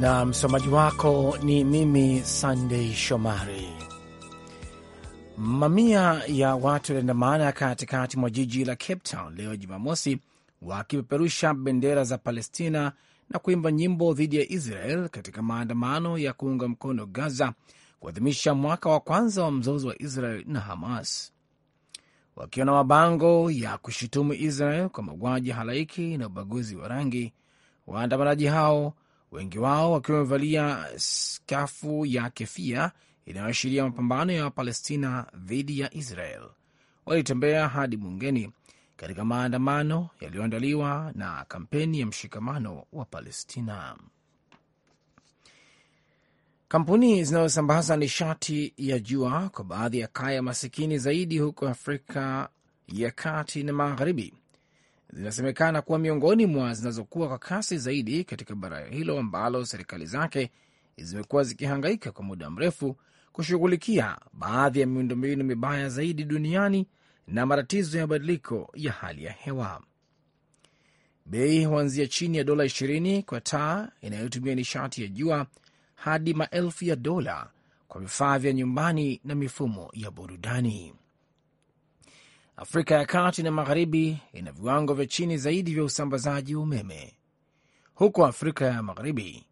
na msomaji wako ni mimi Sandei Shomari. Mamia ya watu waliandamana katikati mwa jiji la Cape Town leo Jumamosi, wakipeperusha bendera za Palestina na kuimba nyimbo dhidi ya Israel katika maandamano ya kuunga mkono Gaza, kuadhimisha mwaka wa kwanza wa mzozo wa Israel na Hamas, wakiwa na mabango ya kushutumu Israel kwa mauaji halaiki na ubaguzi wa rangi. Waandamanaji hao wengi wao wakiwa wamevalia skafu ya kefia inayoashiria mapambano ya Wapalestina dhidi ya Israel. Walitembea hadi bungeni katika maandamano yaliyoandaliwa na kampeni ya mshikamano wa Palestina. Kampuni zinazosambaza nishati ya jua kwa baadhi ya kaya masikini zaidi huko Afrika ya kati na magharibi zinasemekana kuwa miongoni mwa zinazokuwa kwa kasi zaidi katika bara hilo ambalo serikali zake zimekuwa zikihangaika kwa muda mrefu kushughulikia baadhi ya miundombinu mibaya zaidi duniani na matatizo ya mabadiliko ya hali ya hewa. Bei huanzia chini ya dola 20 kwa taa inayotumia nishati ya jua hadi maelfu ya dola kwa vifaa vya nyumbani na mifumo ya burudani. Afrika ya kati na magharibi ina viwango vya chini zaidi vya usambazaji wa umeme. Huko Afrika ya magharibi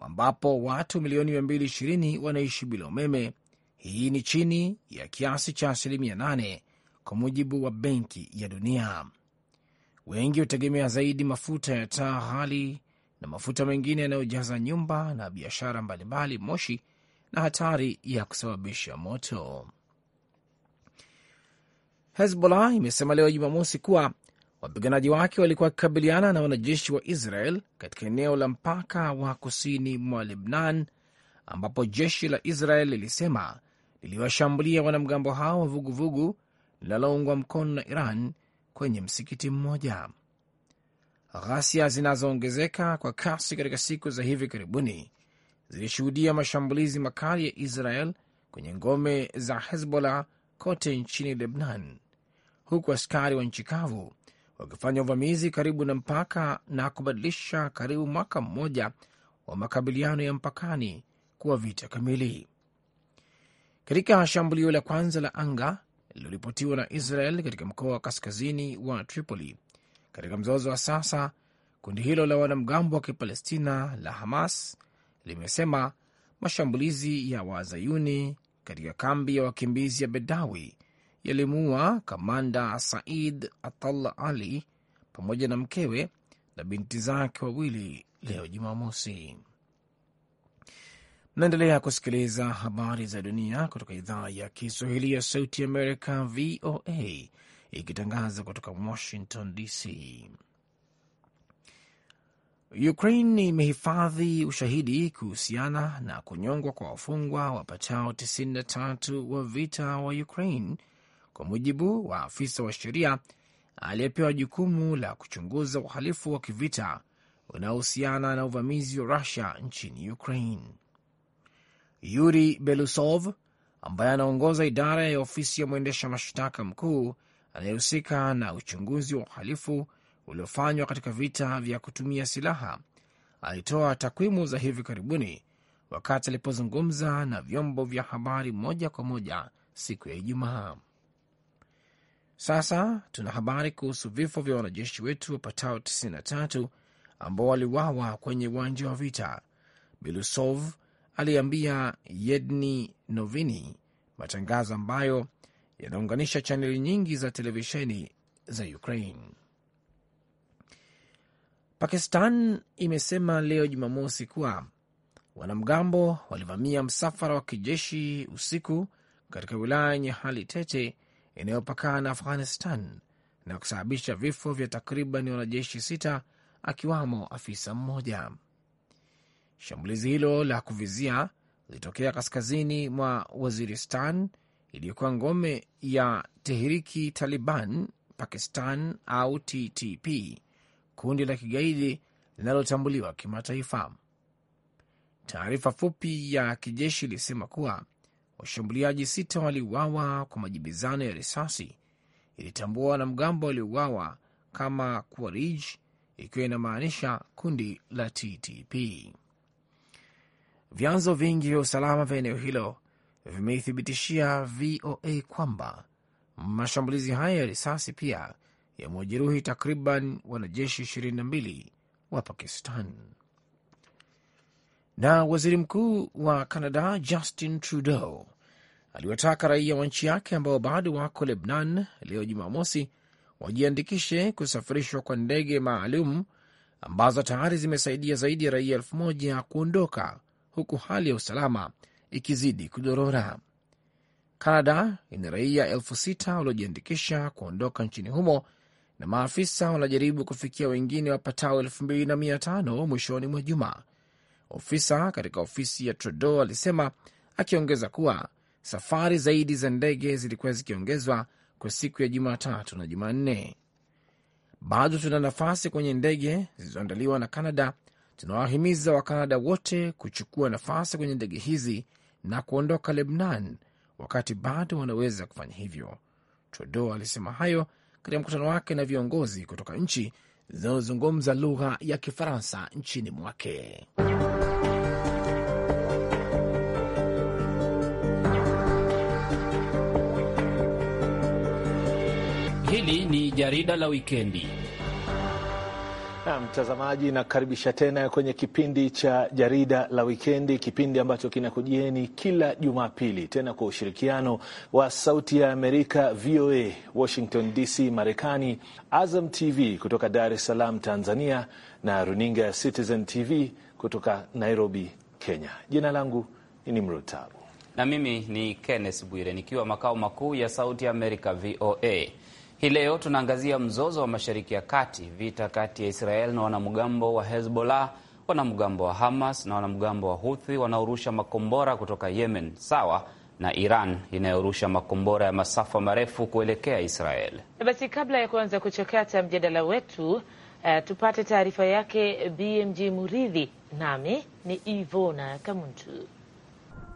ambapo watu milioni 220 wanaishi bila umeme, hii ni chini ya kiasi cha asilimia 8 kwa mujibu wa Benki ya Dunia. Wengi hutegemea zaidi mafuta ya taa ghali na mafuta mengine yanayojaza nyumba na biashara mbalimbali moshi na hatari ya kusababisha moto. Hezbollah imesema leo Jumamosi kuwa wapiganaji wake walikuwa wakikabiliana na wanajeshi wa Israel katika eneo la mpaka wa kusini mwa Lebnan, ambapo jeshi la Israel lilisema liliwashambulia wanamgambo hao wa vuguvugu linaloungwa mkono na Iran kwenye msikiti mmoja. Ghasia zinazoongezeka kwa kasi katika siku za hivi karibuni zilishuhudia mashambulizi makali ya Israel kwenye ngome za Hezbollah kote nchini Lebnan huku askari wa nchi kavu wakifanya uvamizi karibu na mpaka na kubadilisha karibu mwaka mmoja wa makabiliano ya mpakani kuwa vita kamili. Katika shambulio la kwanza la anga lililoripotiwa na Israel katika mkoa wa kaskazini wa Tripoli katika mzozo wa sasa, kundi hilo la wanamgambo wa Kipalestina la Hamas limesema mashambulizi ya Wazayuni katika kambi ya wakimbizi ya Bedawi yalimuua kamanda Said Atalla Ali pamoja na mkewe na binti zake wawili leo Jumamosi. Mnaendelea kusikiliza habari za dunia kutoka idhaa ya Kiswahili ya Sauti Amerika, VOA, ikitangaza kutoka Washington DC. Ukraine imehifadhi ushahidi kuhusiana na kunyongwa kwa wafungwa wapatao 93 wa vita wa Ukraine kwa mujibu wa afisa wa sheria aliyepewa jukumu la kuchunguza uhalifu wa kivita unaohusiana na uvamizi wa Rusia nchini Ukraine, Yuri Belusov ambaye anaongoza idara ya ofisi ya mwendesha mashtaka mkuu anayehusika na uchunguzi wa uhalifu uliofanywa katika vita vya kutumia silaha alitoa takwimu za hivi karibuni wakati alipozungumza na vyombo vya habari moja kwa moja siku ya Ijumaa. Sasa tuna habari kuhusu vifo vya wanajeshi wetu wapatao 93 ambao waliwawa kwenye uwanja wa vita, Bilusov aliambia Yedni Novini, matangazo ambayo yanaunganisha chaneli nyingi za televisheni za Ukraine. Pakistan imesema leo Jumamosi kuwa wanamgambo walivamia msafara wa kijeshi usiku katika wilaya yenye hali tete inayopakana na Afghanistan na kusababisha vifo vya takriban wanajeshi sita akiwamo afisa mmoja. Shambulizi hilo la kuvizia lilitokea kaskazini mwa Waziristan iliyokuwa ngome ya Tehiriki Taliban Pakistan au TTP, kundi la kigaidi linalotambuliwa kimataifa. Taarifa fupi ya kijeshi ilisema kuwa washambuliaji sita waliuawa kwa majibizano ya risasi, ilitambua wanamgambo waliouawa kama Kuarij, ikiwa inamaanisha kundi la TTP. Vyanzo vingi vya usalama vya eneo hilo vimeithibitishia VOA kwamba mashambulizi haya ya risasi pia yamewajeruhi takriban wanajeshi 22 wa Pakistan. Na waziri mkuu wa canada Justin Trudeau aliwataka raia wa nchi yake ambao bado wako Lebnan leo Jumamosi wajiandikishe kusafirishwa kwa ndege maalum ambazo tayari zimesaidia zaidi ya raia elfu moja kuondoka huku hali ya usalama ikizidi kudorora. canada ina raia elfu sita waliojiandikisha kuondoka nchini humo na maafisa wanajaribu kufikia wengine wapatao elfu mbili na mia tano mwishoni mwa juma ofisa katika ofisi ya Trudeau alisema, akiongeza kuwa safari zaidi za ndege zilikuwa zikiongezwa kwa siku ya Jumatatu na Jumanne. Bado tuna nafasi kwenye ndege zilizoandaliwa na Kanada. Tunawahimiza Wakanada wote kuchukua nafasi kwenye ndege hizi na kuondoka Lebnan wakati bado wanaweza kufanya hivyo. Trudeau alisema hayo katika mkutano wake na viongozi kutoka nchi zinazozungumza lugha ya Kifaransa nchini mwake. Hili ni jarida la wikendi na mtazamaji, nakaribisha tena kwenye kipindi cha jarida la wikendi, kipindi ambacho kinakujieni kila Jumapili, tena kwa ushirikiano wa Sauti ya Amerika, VOA Washington DC, Marekani, Azam TV kutoka Dar es Salaam, Tanzania, na runinga ya Citizen TV kutoka Nairobi, Kenya. Jina langu ni Nimrod Tabu na mimi ni Kenneth Bwire nikiwa makao makuu ya Sauti ya Amerika, VOA. Hii leo tunaangazia mzozo wa Mashariki ya Kati, vita kati ya Israel na wanamgambo wa Hezbollah, wanamgambo wa Hamas na wanamgambo wa Huthi wanaorusha makombora kutoka Yemen, sawa na Iran inayorusha makombora ya masafa marefu kuelekea Israel. Basi kabla ya kuanza kuchakata mjadala wetu, uh, tupate taarifa yake BMG Muridhi, nami ni Ivona Kamuntu.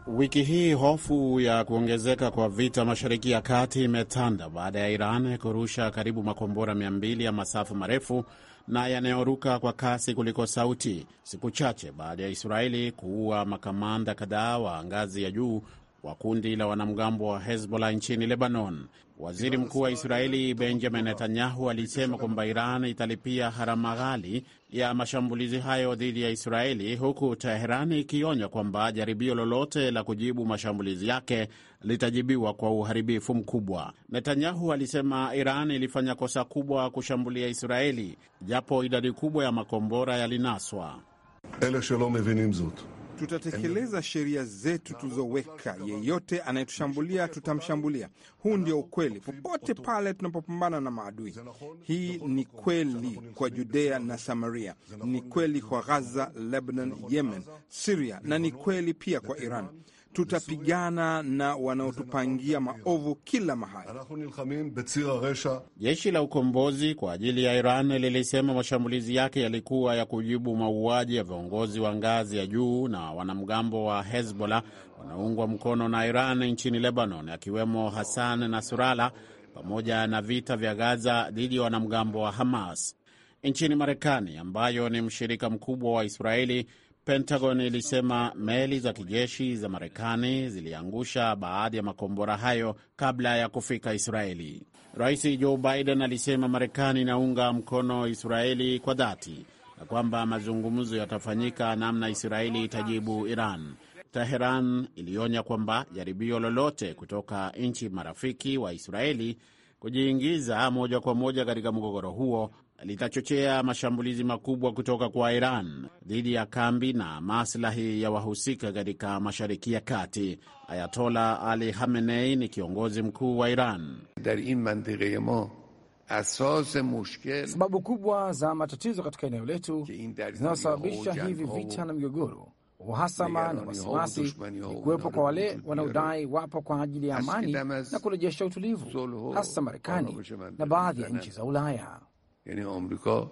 Wiki hii hofu ya kuongezeka kwa vita Mashariki ya Kati imetanda baada ya Iran kurusha karibu makombora 200 ya masafa marefu na yanayoruka kwa kasi kuliko sauti, siku chache baada ya Israeli kuua makamanda kadhaa wa ngazi ya juu wa kundi la wanamgambo wa Hezbollah nchini Lebanon. Waziri Mkuu wa Israeli Benjamin Netanyahu alisema kwamba Iran italipia gharama ghali ya mashambulizi hayo dhidi ya Israeli, huku Teherani ikionya kwamba jaribio lolote la kujibu mashambulizi yake litajibiwa kwa uharibifu mkubwa. Netanyahu alisema Iran ilifanya kosa kubwa kushambulia Israeli, japo idadi kubwa ya makombora yalinaswa. Tutatekeleza sheria zetu tulizoweka. Yeyote anayetushambulia tutamshambulia. Huu ndio ukweli, popote pale tunapopambana na maadui. Hii ni kweli kwa Judea na Samaria, ni kweli kwa Gaza, Lebanon, Yemen, Siria, na ni kweli pia kwa Iran tutapigana na wanaotupangia maovu kila mahali. Jeshi la ukombozi kwa ajili ya Iran lilisema mashambulizi yake yalikuwa ya kujibu mauaji ya viongozi wa ngazi ya juu na wanamgambo wa Hezbollah wanaoungwa mkono na Iran nchini Lebanon, akiwemo Hassan Nasrallah, pamoja na vita vya Gaza dhidi ya wanamgambo wa Hamas. Nchini Marekani ambayo ni mshirika mkubwa wa Israeli Pentagon ilisema meli za kijeshi za Marekani ziliangusha baadhi ya makombora hayo kabla ya kufika Israeli. Rais Joe Biden alisema Marekani inaunga mkono Israeli kwa dhati na kwamba mazungumzo yatafanyika namna Israeli itajibu Iran. Teheran ilionya kwamba jaribio lolote kutoka nchi marafiki wa Israeli kujiingiza moja kwa moja katika mgogoro huo litachochea mashambulizi makubwa kutoka kwa Iran dhidi ya kambi na maslahi ya wahusika katika Mashariki ya Kati. Ayatola Ali hamenei ni kiongozi mkuu wa Iran. sababu kubwa za matatizo katika eneo letu zinazosababisha hivi vita na migogoro uhasama na wasiwasi ni kuwepo kwa wale wanaodai wapo kwa ajili ya amani na kurejesha utulivu, hasa Marekani na baadhi ya nchi za Ulaya. یعنی آمریکا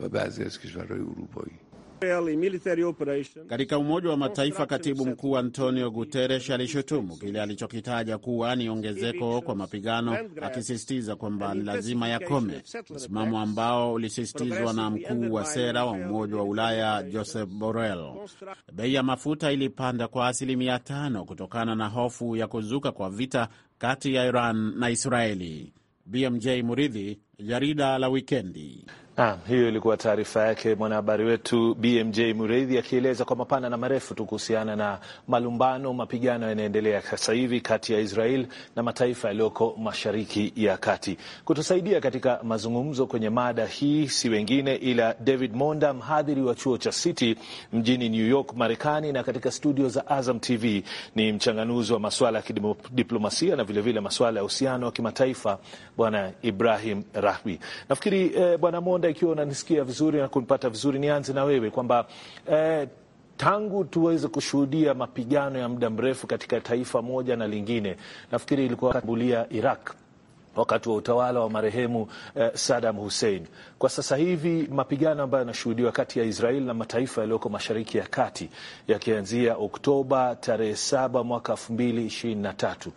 و بعضی از کشورهای اروپایی katika Umoja wa Mataifa, katibu mkuu Antonio Guterres alishutumu kile alichokitaja kuwa ni ongezeko kwa mapigano, akisisitiza kwamba ni lazima yakome, msimamo ambao ulisisitizwa na mkuu wa sera wa Umoja wa Ulaya Joseph Borrell. Bei ya mafuta ilipanda kwa asilimia tano kutokana na hofu ya kuzuka kwa vita kati ya Iran na Israeli. BMJ Muridhi, jarida la wikendi. Naam, hiyo ilikuwa taarifa yake mwanahabari wetu BMJ Mureithi akieleza kwa mapana na marefu tu kuhusiana na malumbano, mapigano yanaendelea sasa hivi kati ya Israel na mataifa yaliyoko Mashariki ya Kati. Kutusaidia katika mazungumzo kwenye mada hii si wengine ila David Monda, mhadhiri wa chuo cha City mjini New York, Marekani, na katika studio za Azam TV ni mchanganuzi wa masuala ya kidiplomasia na vilevile masuala ya uhusiano wa kimataifa, Bwana Ibrahim Rahbi. Nafikiri eh, Bwana Monda labda ikiwa unanisikia vizuri na kunipata vizuri, nianze na wewe kwamba eh, tangu tuweze kushuhudia mapigano ya muda mrefu katika taifa moja na lingine, nafikiri ilikuwa kambulia Iraq wakati wa utawala wa marehemu eh, Saddam Hussein. Kwa sasa hivi mapigano ambayo yanashuhudiwa kati ya Israel na mataifa yaliyoko mashariki ya kati yakianzia Oktoba tarehe saba mwaka elfu mbili ishirini na tatu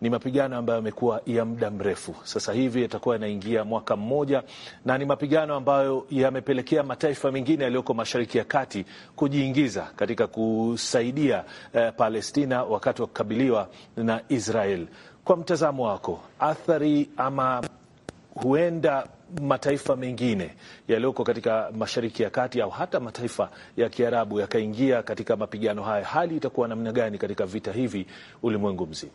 ni mapigano ambayo yamekuwa ya muda mrefu. Sasa hivi yatakuwa yanaingia mwaka mmoja, na ni mapigano ambayo yamepelekea mataifa mengine yaliyoko Mashariki ya Kati kujiingiza katika kusaidia eh, Palestina wakati wa kukabiliwa na Israel. Kwa mtazamo wako, athari ama huenda mataifa mengine yaliyoko katika Mashariki ya Kati au hata mataifa ya Kiarabu yakaingia katika mapigano haya, hali itakuwa namna gani katika vita hivi ulimwengu mzima?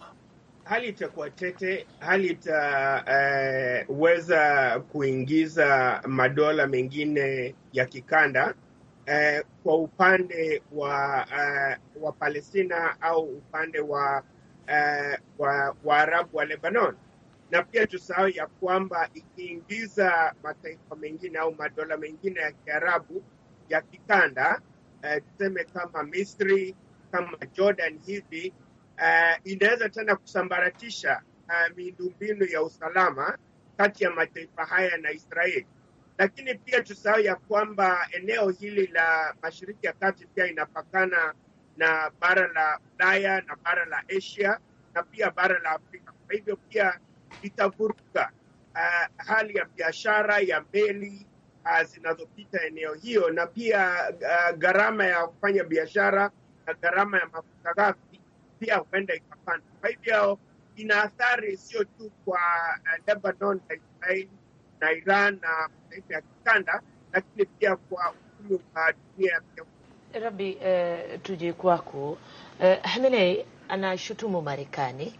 hali itakuwa tete, hali itaweza eh, kuingiza madola mengine ya kikanda eh, kwa upande wa eh, wa Palestina au upande wa eh, wa Waarabu wa Lebanon, na pia tusahau ya kwamba ikiingiza mataifa mengine au madola mengine ya Kiarabu ya kikanda eh, tuseme kama Misri kama Jordan hivi uh, inaweza tena kusambaratisha uh, miundombinu ya usalama kati ya mataifa haya na Israeli. Lakini pia tusahau ya kwamba eneo hili la Mashariki ya Kati pia inapakana na bara la Ulaya na bara la Asia na pia bara la Afrika. Kwa hivyo pia itavuruga uh, hali ya biashara ya meli uh, zinazopita eneo hiyo na pia uh, gharama ya kufanya biashara na gharama ya mafuta ghafi pia huenda ikapanda. Kwa hivyo ina athari sio tu kwa uh, Lebanon na Israeli na Iran na mataifa ya kikanda, lakini pia kwa uchumi wa dunia. Rabi, eh, tuje kwako eh, Hamilei anashutumu Marekani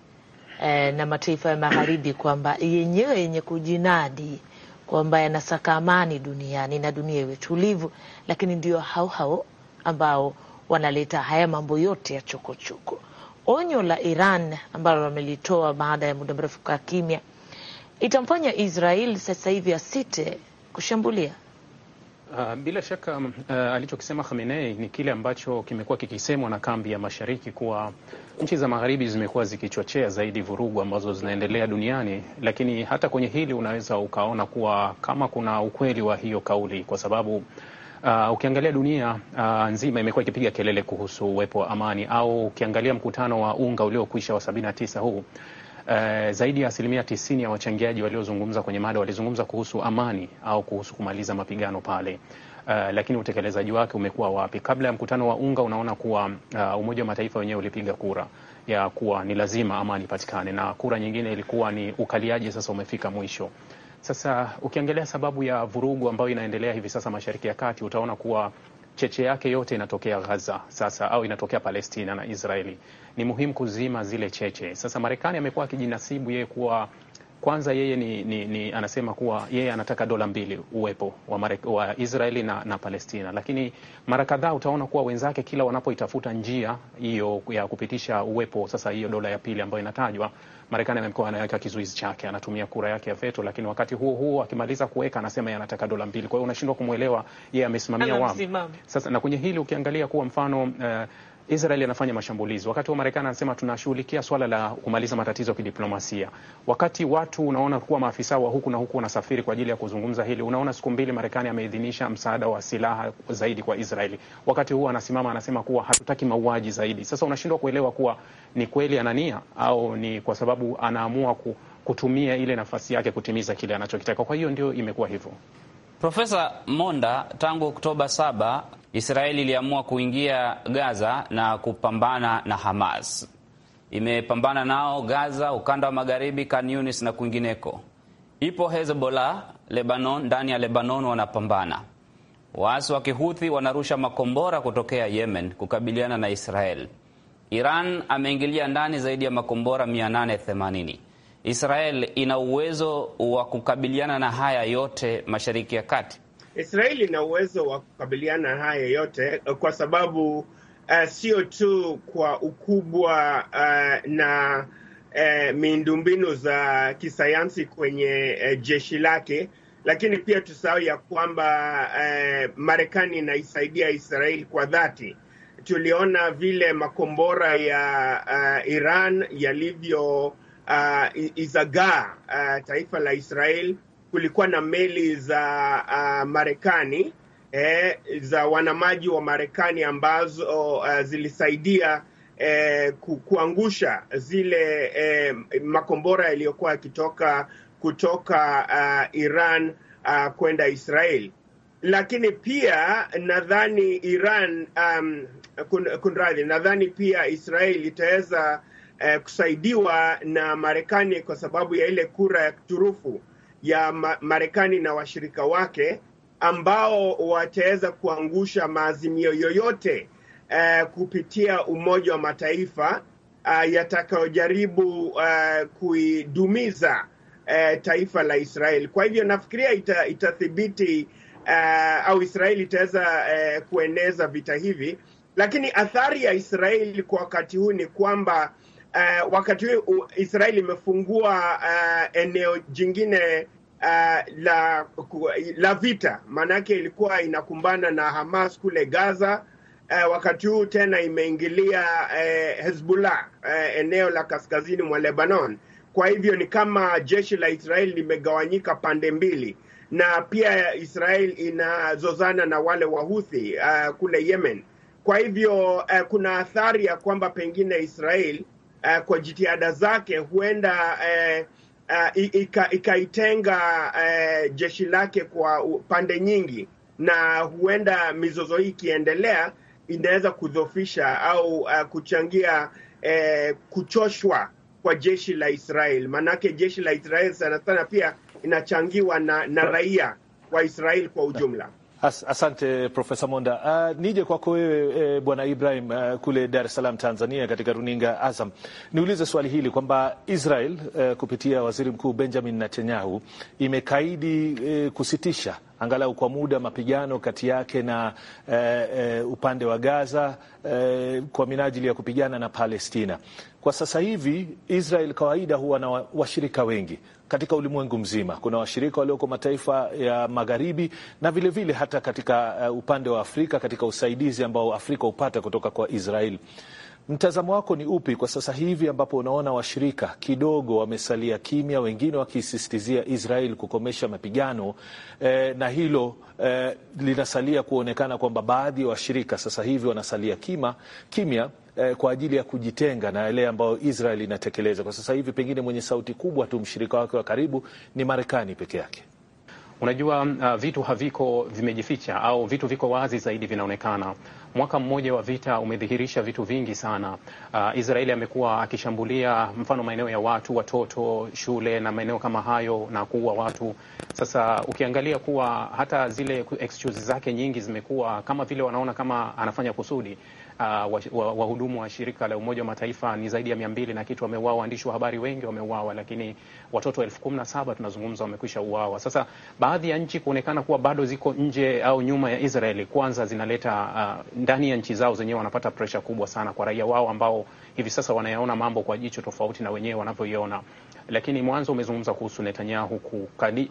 eh, na mataifa ya magharibi kwamba yenyewe yenye kujinadi kwamba yanasaka amani duniani na dunia iwe tulivu, lakini ndio hao hao ambao wanaleta haya mambo yote ya chokochoko choko. Onyo la Iran ambalo wamelitoa baada ya muda mrefu kukaa kimya itamfanya Israel sasa hivi asite kushambulia. Uh, bila shaka uh, alichokisema Khamenei ni kile ambacho kimekuwa kikisemwa na kambi ya Mashariki kuwa nchi za Magharibi zimekuwa zikichochea zaidi vurugu ambazo zinaendelea duniani, lakini hata kwenye hili unaweza ukaona kuwa kama kuna ukweli wa hiyo kauli, kwa sababu Uh, ukiangalia dunia uh, nzima imekuwa ikipiga kelele kuhusu uwepo wa amani, au ukiangalia mkutano wa UNGA uliokwisha wa tisa huu Uh, zaidi ya asilimia tisini ya wachangiaji waliozungumza kwenye mada walizungumza kuhusu amani au kuhusu kumaliza mapigano pale. Uh, lakini utekelezaji wake umekuwa wapi? Kabla ya mkutano wa UNGA, unaona kuwa uh, Umoja wa Mataifa wenyewe ulipiga kura ya kuwa ni lazima amani ipatikane, na kura nyingine ilikuwa ni ukaliaji sasa umefika mwisho. Sasa ukiangalia sababu ya vurugu ambayo inaendelea hivi sasa Mashariki ya Kati, utaona kuwa cheche yake yote inatokea Gaza sasa au inatokea Palestina na Israeli. Ni muhimu kuzima zile cheche. Sasa Marekani amekuwa akijinasibu yeye kuwa kwanza yeye ni, ni, ni anasema kuwa yeye anataka dola mbili uwepo wa, mare, wa Israeli na, na Palestina, lakini mara kadhaa utaona kuwa wenzake kila wanapoitafuta njia hiyo ya kupitisha uwepo sasa hiyo dola ya pili ambayo inatajwa, Marekani amekuwa anaweka kizuizi chake, anatumia kura yake ya veto, lakini wakati huo huo akimaliza kuweka anasema anataka dola mbili. Kwa hiyo unashindwa kumwelewa yeye amesimamia wapi sasa. Na kwenye hili ukiangalia kuwa mfano uh, Israeli anafanya mashambulizi, wakati wa Marekani anasema tunashughulikia swala la kumaliza matatizo ya kidiplomasia, wakati watu unaona kuwa maafisa wa huku na huku wanasafiri kwa ajili ya kuzungumza hili. Unaona siku mbili Marekani ameidhinisha msaada wa silaha zaidi kwa Israeli, wakati huo anasimama anasema kuwa hatutaki mauaji zaidi. Sasa unashindwa kuelewa kuwa ni kweli anania au ni kwa sababu anaamua kutumia ile nafasi yake kutimiza kile anachokitaka. Kwa hiyo ndio imekuwa hivyo. Profesa Monda, tangu Oktoba saba Israeli iliamua kuingia Gaza na kupambana na Hamas. Imepambana nao Gaza, ukanda wa magharibi, Khan na kwingineko. Ipo Hezbollah Lebanon, ndani ya Lebanon wanapambana. Waasi wa Kihuthi wanarusha makombora kutokea Yemen kukabiliana na Israel. Iran ameingilia ndani zaidi ya makombora 880. Israel ina uwezo wa kukabiliana na haya yote Mashariki ya Kati. Israeli ina uwezo wa kukabiliana haya yote eh, kwa sababu uh, sio tu kwa ukubwa uh, na uh, miundombinu za kisayansi kwenye uh, jeshi lake, lakini pia tusahau ya kwamba uh, Marekani inaisaidia Israeli kwa dhati. Tuliona vile makombora ya uh, Iran yalivyo uh, izagaa uh, taifa la Israeli kulikuwa na meli za uh, Marekani eh, za wanamaji wa Marekani ambazo uh, zilisaidia eh, kuangusha zile eh, makombora yaliyokuwa yakitoka kutoka uh, Iran uh, kwenda Israel, lakini pia nadhani Iran um, kunradhi, nadhani pia Israel itaweza uh, kusaidiwa na Marekani kwa sababu ya ile kura ya turufu ya Marekani na washirika wake ambao wataweza kuangusha maazimio yoyote eh, kupitia Umoja wa Mataifa eh, yatakayojaribu eh, kuidumiza eh, taifa la Israeli. Kwa hivyo nafikiria ita, itathibiti eh, au Israeli itaweza eh, kueneza vita hivi, lakini athari ya Israeli kwa wakati huu ni kwamba uh, wakati huu Israel imefungua uh, eneo jingine uh, la, la vita, maanake ilikuwa inakumbana na Hamas kule Gaza. Uh, wakati huu tena imeingilia uh, Hezbollah uh, eneo la kaskazini mwa Lebanon. Kwa hivyo ni kama jeshi la Israel limegawanyika pande mbili, na pia Israel inazozana na wale Wahuthi uh, kule Yemen. Kwa hivyo uh, kuna athari ya kwamba pengine Israeli uh, kwa jitihada zake huenda uh, uh, ikaitenga ika uh, jeshi lake kwa pande nyingi, na huenda mizozo hii ikiendelea inaweza kudhofisha au uh, kuchangia uh, kuchoshwa kwa jeshi la Israel. Maanake jeshi la Israel sana sana pia inachangiwa na, na raia wa Israel kwa ujumla. As, asante Profesa Monda. Uh, nije kwako wewe e, Bwana Ibrahim uh, kule Dar es Salaam Tanzania, katika runinga Azam, niulize swali hili kwamba Israel uh, kupitia waziri mkuu Benjamin Netanyahu imekaidi uh, kusitisha angalau kwa muda mapigano kati yake na uh, uh, upande wa Gaza uh, kwa minajili ya kupigana na Palestina. Kwa sasa hivi Israel kawaida huwa na washirika wengi katika ulimwengu mzima. Kuna washirika walioko mataifa ya magharibi na vilevile vile hata katika uh, upande wa Afrika katika usaidizi ambao Afrika hupata kutoka kwa israel Mtazamo wako ni upi kwa sasa hivi ambapo unaona washirika kidogo wamesalia kimya, wengine wakisisitizia Israel kukomesha mapigano eh, na hilo eh, linasalia kuonekana kwamba baadhi ya washirika sasa hivi wanasalia kimya eh, kwa ajili ya kujitenga na yale ambayo Israel inatekeleza kwa sasa hivi. Pengine mwenye sauti kubwa tu mshirika wake wa karibu ni Marekani peke yake. Unajua, uh, vitu haviko vimejificha au vitu viko wazi zaidi vinaonekana. Mwaka mmoja wa vita umedhihirisha vitu vingi sana. Uh, Israeli amekuwa akishambulia mfano maeneo ya watu, watoto, shule na maeneo kama hayo na kuua watu. Sasa ukiangalia kuwa hata zile excuses zake nyingi zimekuwa kama vile wanaona kama anafanya kusudi. Ah, wahudumu wa, wa shirika la Umoja wa Mataifa ni zaidi ya mia mbili na kitu wameuawa, waandishi wa habari wengi wameuawa, lakini watoto elfu kumi na saba tunazungumza wamekwisha uawa. Sasa baadhi ya nchi kuonekana kuwa bado ziko nje au nyuma ya Israeli, kwanza zinaleta uh, ndani ya nchi zao zenyewe wanapata presha kubwa sana kwa raia wao ambao hivi sasa wanayaona mambo kwa jicho tofauti na wenyewe wanavyoiona. Lakini mwanzo umezungumza kuhusu Netanyahu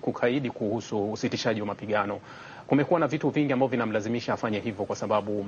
kukaidi kuhusu usitishaji wa mapigano kumekuwa na vitu vingi ambavyo vinamlazimisha afanye hivyo, kwa sababu uh,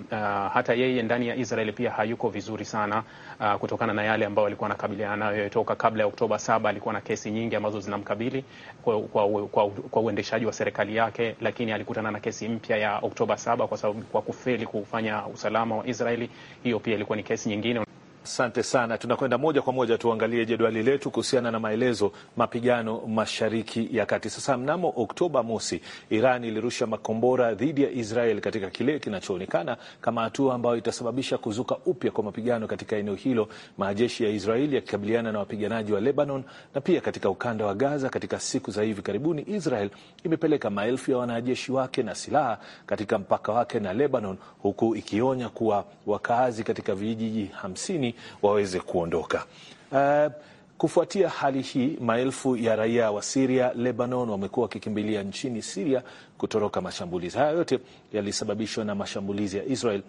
hata yeye ndani ya Israeli pia hayuko vizuri sana uh, kutokana na yale ambayo alikuwa anakabiliana nayo toka kabla ya Oktoba saba. Alikuwa na kesi nyingi ambazo zinamkabili kwa, kwa, kwa, kwa uendeshaji wa serikali yake, lakini alikutana na kesi mpya ya Oktoba saba kwa sababu kwa kufeli kufanya usalama wa Israeli. Hiyo pia ilikuwa ni kesi nyingine. Asante sana. Tunakwenda moja kwa moja tuangalie jedwali letu kuhusiana na maelezo mapigano mashariki ya kati. Sasa, mnamo Oktoba mosi, Iran ilirusha makombora dhidi ya Israel katika kile kinachoonekana kama hatua ambayo itasababisha kuzuka upya kwa mapigano katika eneo hilo, majeshi ya israel yakikabiliana na wapiganaji wa Lebanon na pia katika ukanda wa Gaza. Katika siku za hivi karibuni, Israel imepeleka maelfu ya wanajeshi wake na silaha katika mpaka wake na Lebanon, huku ikionya kuwa wakaazi katika vijiji hamsini waweze kuondoka. Uh, kufuatia hali hii, maelfu ya raia wa Siria, Lebanon wamekuwa wakikimbilia nchini Siria kutoroka mashambulizi. Haya yote yalisababishwa na mashambulizi ya Israel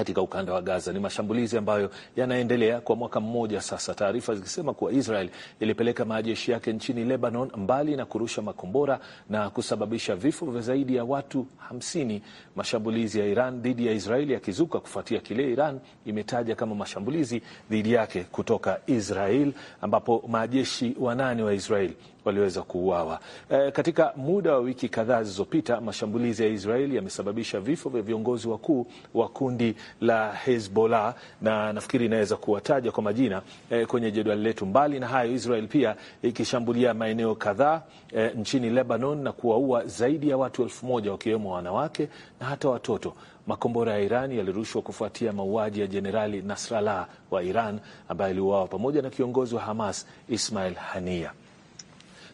katika ukanda wa Gaza. Ni mashambulizi ambayo yanaendelea kwa mwaka mmoja sasa, taarifa zikisema kuwa Israel ilipeleka majeshi yake nchini Lebanon, mbali na kurusha makombora na kusababisha vifo vya zaidi ya watu hamsini. Mashambulizi ya Iran dhidi ya Israeli yakizuka kufuatia kile Iran imetaja kama mashambulizi dhidi yake kutoka Israel, ambapo majeshi wanane wa israel waliweza kuuawa. E, katika muda wa wiki kadhaa zilizopita mashambulizi ya Israeli yamesababisha vifo vya viongozi wakuu wa kundi la Hezbollah na nafikiri inaweza kuwataja kwa majina e, kwenye jedwali letu. Mbali na hayo, Israel pia ikishambulia maeneo kadhaa e, nchini Lebanon na kuwaua zaidi ya watu elfu moja wakiwemo wanawake na hata watoto. Makombora ya Iran yalirushwa kufuatia mauaji ya Jenerali Nasrallah wa Iran ambaye aliuawa pamoja na kiongozi wa Hamas Ismail Hania.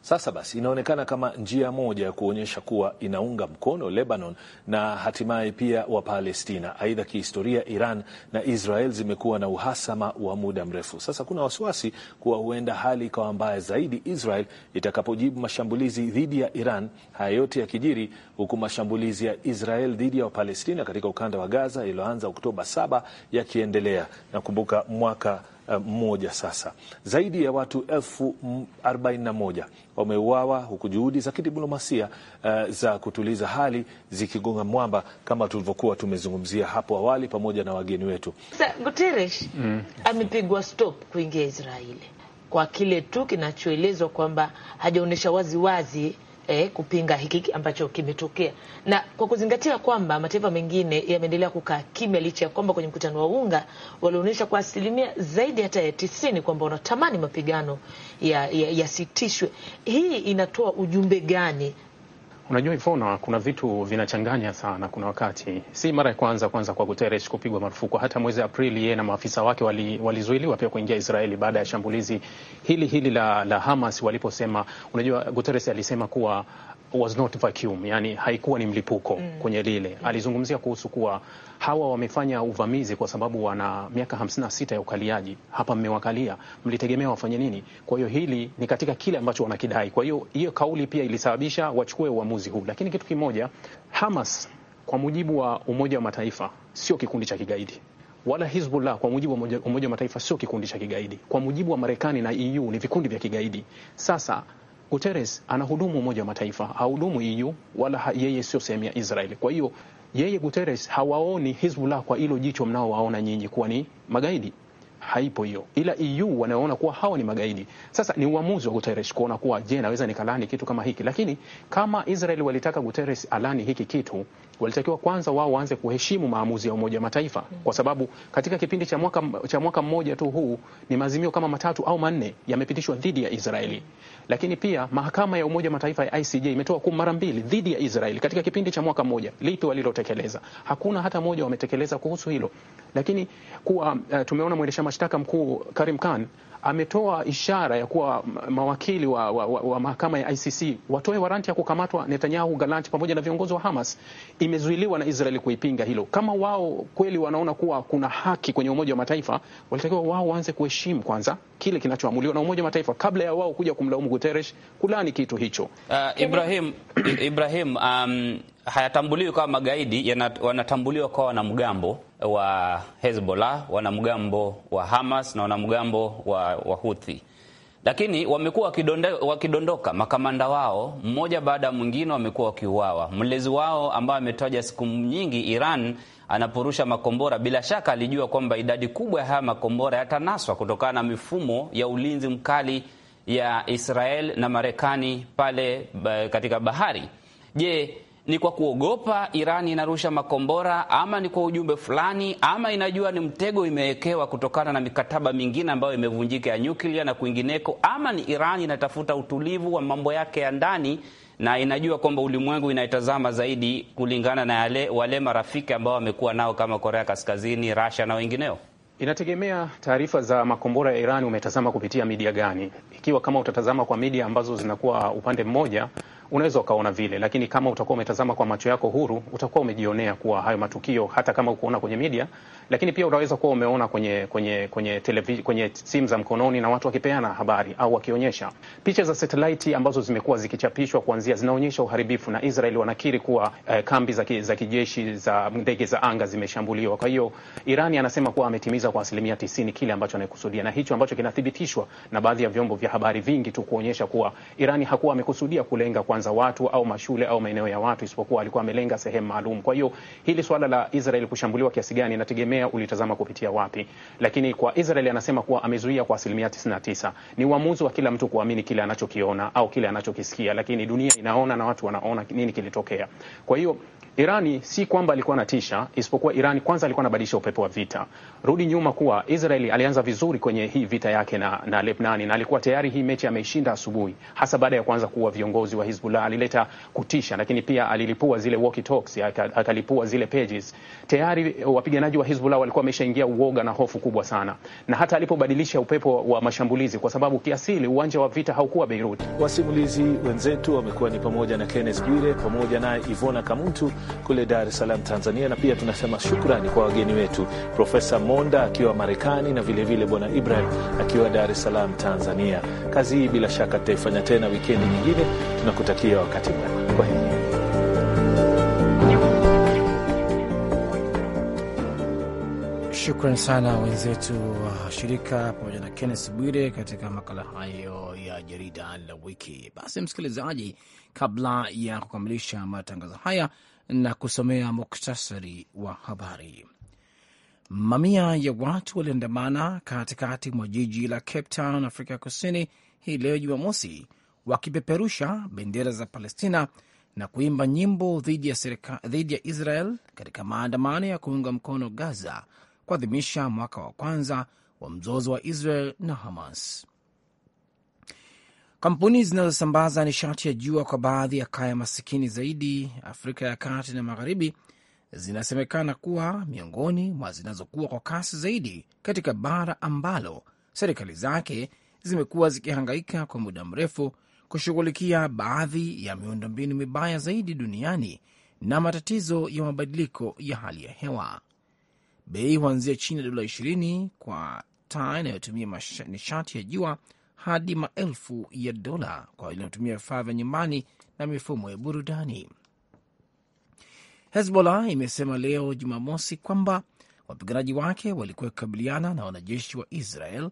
Sasa basi, inaonekana kama njia moja ya kuonyesha kuwa inaunga mkono Lebanon na hatimaye pia wa Palestina. Aidha, kihistoria Iran na Israel zimekuwa na uhasama wa muda mrefu. Sasa kuna wasiwasi kuwa huenda hali ikawa mbaya zaidi Israel itakapojibu mashambulizi dhidi ya Iran. Haya yote yakijiri huku mashambulizi ya Israel dhidi ya Wapalestina katika ukanda wa Gaza iliyoanza Oktoba 7 yakiendelea. Nakumbuka mwaka mmoja eh, moja sasa. Zaidi ya watu elfu arobaini na moja wameuawa huku juhudi za kidiplomasia uh, za kutuliza hali zikigonga mwamba kama tulivyokuwa tumezungumzia hapo awali pamoja na wageni wetu. guteresh Guterres mm, amepigwa stop kuingia Israeli kwa kile tu kinachoelezwa kwamba hajaonyesha waziwazi eh, kupinga hiki ambacho kimetokea, na kwa kuzingatia kwamba mataifa mengine yameendelea kukaa kimya licha ya kwamba kwenye mkutano wa UNGA walionyesha kwa asilimia zaidi hata ya tisini kwamba wanatamani mapigano yasitishwe ya, ya hii inatoa ujumbe gani Unajua Ivona, kuna vitu vinachanganya sana. Kuna wakati, si mara ya kwanza kwanza kwa Guterres kupigwa marufuku. Hata mwezi Aprili yeye na maafisa wake walizuiliwa wali pia kuingia Israeli baada ya shambulizi hili hili la, la Hamas waliposema. Unajua Guterres alisema kuwa was not vacuum, yani haikuwa ni mlipuko mm. kwenye lile mm. Alizungumzia kuhusu kuwa hawa wamefanya uvamizi kwa sababu wana miaka 56 ya ukaliaji. Hapa mmewakalia, mlitegemea wafanye nini? Kwa hiyo hili ni katika kile ambacho wanakidai. Kwa hiyo hiyo kauli pia ilisababisha wachukue uamuzi huu, lakini kitu kimoja, Hamas kwa mujibu wa Umoja wa Mataifa sio kikundi cha kigaidi wala Hizbullah kwa mujibu wa Umoja wa Mataifa sio kikundi cha kigaidi. Kwa mujibu wa Marekani na EU ni vikundi vya kigaidi. Sasa Guterres anahudumu Umoja wa Mataifa, hahudumu EU wala yeye sio sehemu ya Israel. Kwa hiyo yeye Guterres hawaoni Hizbullah kwa hilo jicho mnaowaona nyinyi kuwa ni magaidi, haipo hiyo, ila EU wanaoona kuwa hawa ni magaidi. Sasa ni uamuzi wa Guterres kuona kuwa, je, naweza nikalani kitu kama hiki? Lakini kama israel walitaka Guterres alani hiki kitu, walitakiwa kwanza wao waanze kuheshimu maamuzi ya Umoja wa Mataifa, mm. kwa sababu katika kipindi cha mwaka, cha mwaka mmoja tu huu ni maazimio kama matatu au manne yamepitishwa dhidi ya Israeli. Lakini pia mahakama ya Umoja wa Mataifa ya ICJ imetoa hukumu mara mbili dhidi ya Israeli katika kipindi cha mwaka mmoja. Lipi walilotekeleza? Hakuna hata moja wametekeleza kuhusu hilo. Lakini kuwa uh, tumeona mwendesha mashtaka mkuu Karim Khan ametoa ishara ya kuwa mawakili wa, wa, wa, wa mahakama ya ICC watoe waranti ya kukamatwa Netanyahu, Galanti pamoja na viongozi wa Hamas imezuiliwa na Israeli kuipinga hilo. Kama wao kweli wanaona kuwa kuna haki kwenye Umoja wa Mataifa, walitakiwa wao waanze kuheshimu kwanza kile kinachoamuliwa na Umoja wa Mataifa kabla ya wao kuja kumlaumu Guterres kulani kitu hicho. Uh, Ibrahim, Ibrahim um, hayatambuliwi kama magaidi wanatambuliwa kwa wanamgambo wa Hezbollah, wanamgambo wa Hamas na wanamgambo wa, wa Houthi lakini wamekuwa wakidondoka makamanda wao mmoja baada ya mwingine, wamekuwa wakiuawa. Mlezi wao ambaye ametaja siku nyingi Iran anapurusha makombora, bila shaka alijua kwamba idadi kubwa ya haya makombora yatanaswa kutokana na mifumo ya ulinzi mkali ya Israel na Marekani pale eh, katika bahari. Je, ni kwa kuogopa Irani inarusha makombora, ama ni kwa ujumbe fulani, ama inajua ni mtego imewekewa kutokana na mikataba mingine ambayo imevunjika ya nyuklia na kwingineko, ama ni Irani inatafuta utulivu wa mambo yake ya ndani na inajua kwamba ulimwengu inaitazama zaidi kulingana na yale wale marafiki ambao wamekuwa nao kama Korea Kaskazini, Rasha na wengineo. Inategemea taarifa za makombora ya Irani umetazama kupitia midia gani. Ikiwa kama utatazama kwa midia ambazo zinakuwa upande mmoja unaweza ukaona vile, lakini kama utakuwa umetazama kwa macho yako huru, utakuwa umejionea kuwa hayo matukio, hata kama ukuona kwenye media, lakini pia unaweza kuwa umeona kwenye kwenye kwenye television, kwenye simu za mkononi na watu wakipeana habari au wakionyesha picha za satellite ambazo zimekuwa zikichapishwa kuanzia, zinaonyesha uharibifu na Israel wanakiri kuwa eh, kambi za kijeshi za ndege za anga zimeshambuliwa. Kwa hiyo Irani anasema kuwa ametimiza kwa asilimia tisini kile ambacho anakusudia, na hicho ambacho kinathibitishwa na baadhi ya vyombo vya habari vingi tu kuonyesha kuwa Irani hakuwa amekusudia kulenga kwanza watu au mashule au maeneo ya watu, isipokuwa alikuwa amelenga sehemu maalum. Kwa hiyo hili swala la Israel kushambuliwa kiasi gani inategemea inategemea ulitazama kupitia wapi, lakini kwa Israel anasema kuwa amezuia kwa asilimia 99. Ni uamuzi wa kila mtu kuamini kile anachokiona au kile anachokisikia, lakini dunia inaona na watu wanaona nini kilitokea. Kwa hiyo Irani si kwamba alikuwa anatisha, isipokuwa Irani kwanza alikuwa anabadilisha upepo wa vita. Rudi nyuma kuwa Israeli alianza vizuri kwenye hii vita yake na, na Lebnani na alikuwa tayari hii mechi ameishinda asubuhi, hasa baada ya kuanza kuwa viongozi wa Hizbullah. Alileta kutisha, lakini pia alilipua zile walkie talks, akalipua zile pages. Tayari wapiganaji wa Hizbullah walikuwa wameshaingia uoga na hofu kubwa sana, na hata alipobadilisha upepo wa mashambulizi, kwa sababu kiasili uwanja wa vita haukuwa Beirut. Wasimulizi wenzetu wamekuwa ni pamoja na Kenneth Bwire pamoja na Ivona Kamuntu kule Dar es Salaam, Tanzania, na pia tunasema shukrani kwa wageni wetu, Profesa Monda akiwa Marekani na vilevile Bwana Ibrahim akiwa Dar es Salaam, Tanzania. Kazi hii bila shaka tutaifanya tena wikendi nyingine. Tunakutakia wakati mwema, kwa heri. Shukran sana wenzetu wa shirika pamoja na Kennes Bwire katika makala hayo ya jarida la wiki. Basi msikilizaji, kabla ya kukamilisha matangazo haya na kusomea muktasari wa habari. Mamia ya watu waliandamana katikati mwa jiji la Cape Town, Afrika Kusini, hii leo Jumamosi, wakipeperusha bendera za Palestina na kuimba nyimbo dhidi ya serika, dhidi ya Israel katika maandamano ya kuunga mkono Gaza kuadhimisha mwaka wa kwanza wa mzozo wa Israel na Hamas. Kampuni zinazosambaza nishati ya jua kwa baadhi ya kaya masikini zaidi Afrika ya kati na magharibi zinasemekana kuwa miongoni mwa zinazokuwa kwa kasi zaidi katika bara ambalo serikali zake zimekuwa zikihangaika kwa muda mrefu kushughulikia baadhi ya miundombinu mibaya zaidi duniani na matatizo ya mabadiliko ya hali ya hewa. Bei huanzia chini ya dola ishirini kwa taa inayotumia nishati ya jua hadi maelfu ya dola kwa inayotumia vifaa vya nyumbani na mifumo ya burudani. Hezbollah imesema leo Jumamosi kwamba wapiganaji wake walikuwa wakikabiliana na wanajeshi wa Israel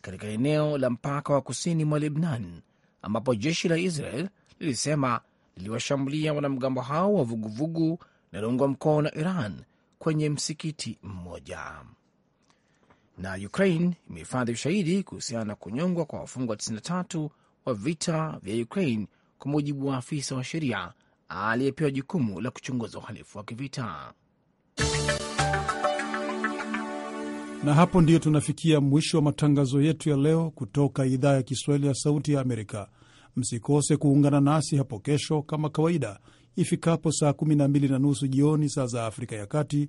katika eneo la mpaka wa kusini mwa Lebnan, ambapo jeshi la Israel lilisema liliwashambulia wanamgambo hao wa vuguvugu linaloungwa mkono na Iran kwenye msikiti mmoja na Ukraine imehifadhi ushahidi kuhusiana na kunyongwa kwa wafungwa 93 wa vita vya Ukraine, kwa mujibu wa afisa wa sheria aliyepewa jukumu la kuchunguza uhalifu wa kivita. Na hapo ndiyo tunafikia mwisho wa matangazo yetu ya leo kutoka idhaa ya Kiswahili ya Sauti ya Amerika. Msikose kuungana nasi hapo kesho kama kawaida ifikapo saa 12 na nusu jioni saa za Afrika ya Kati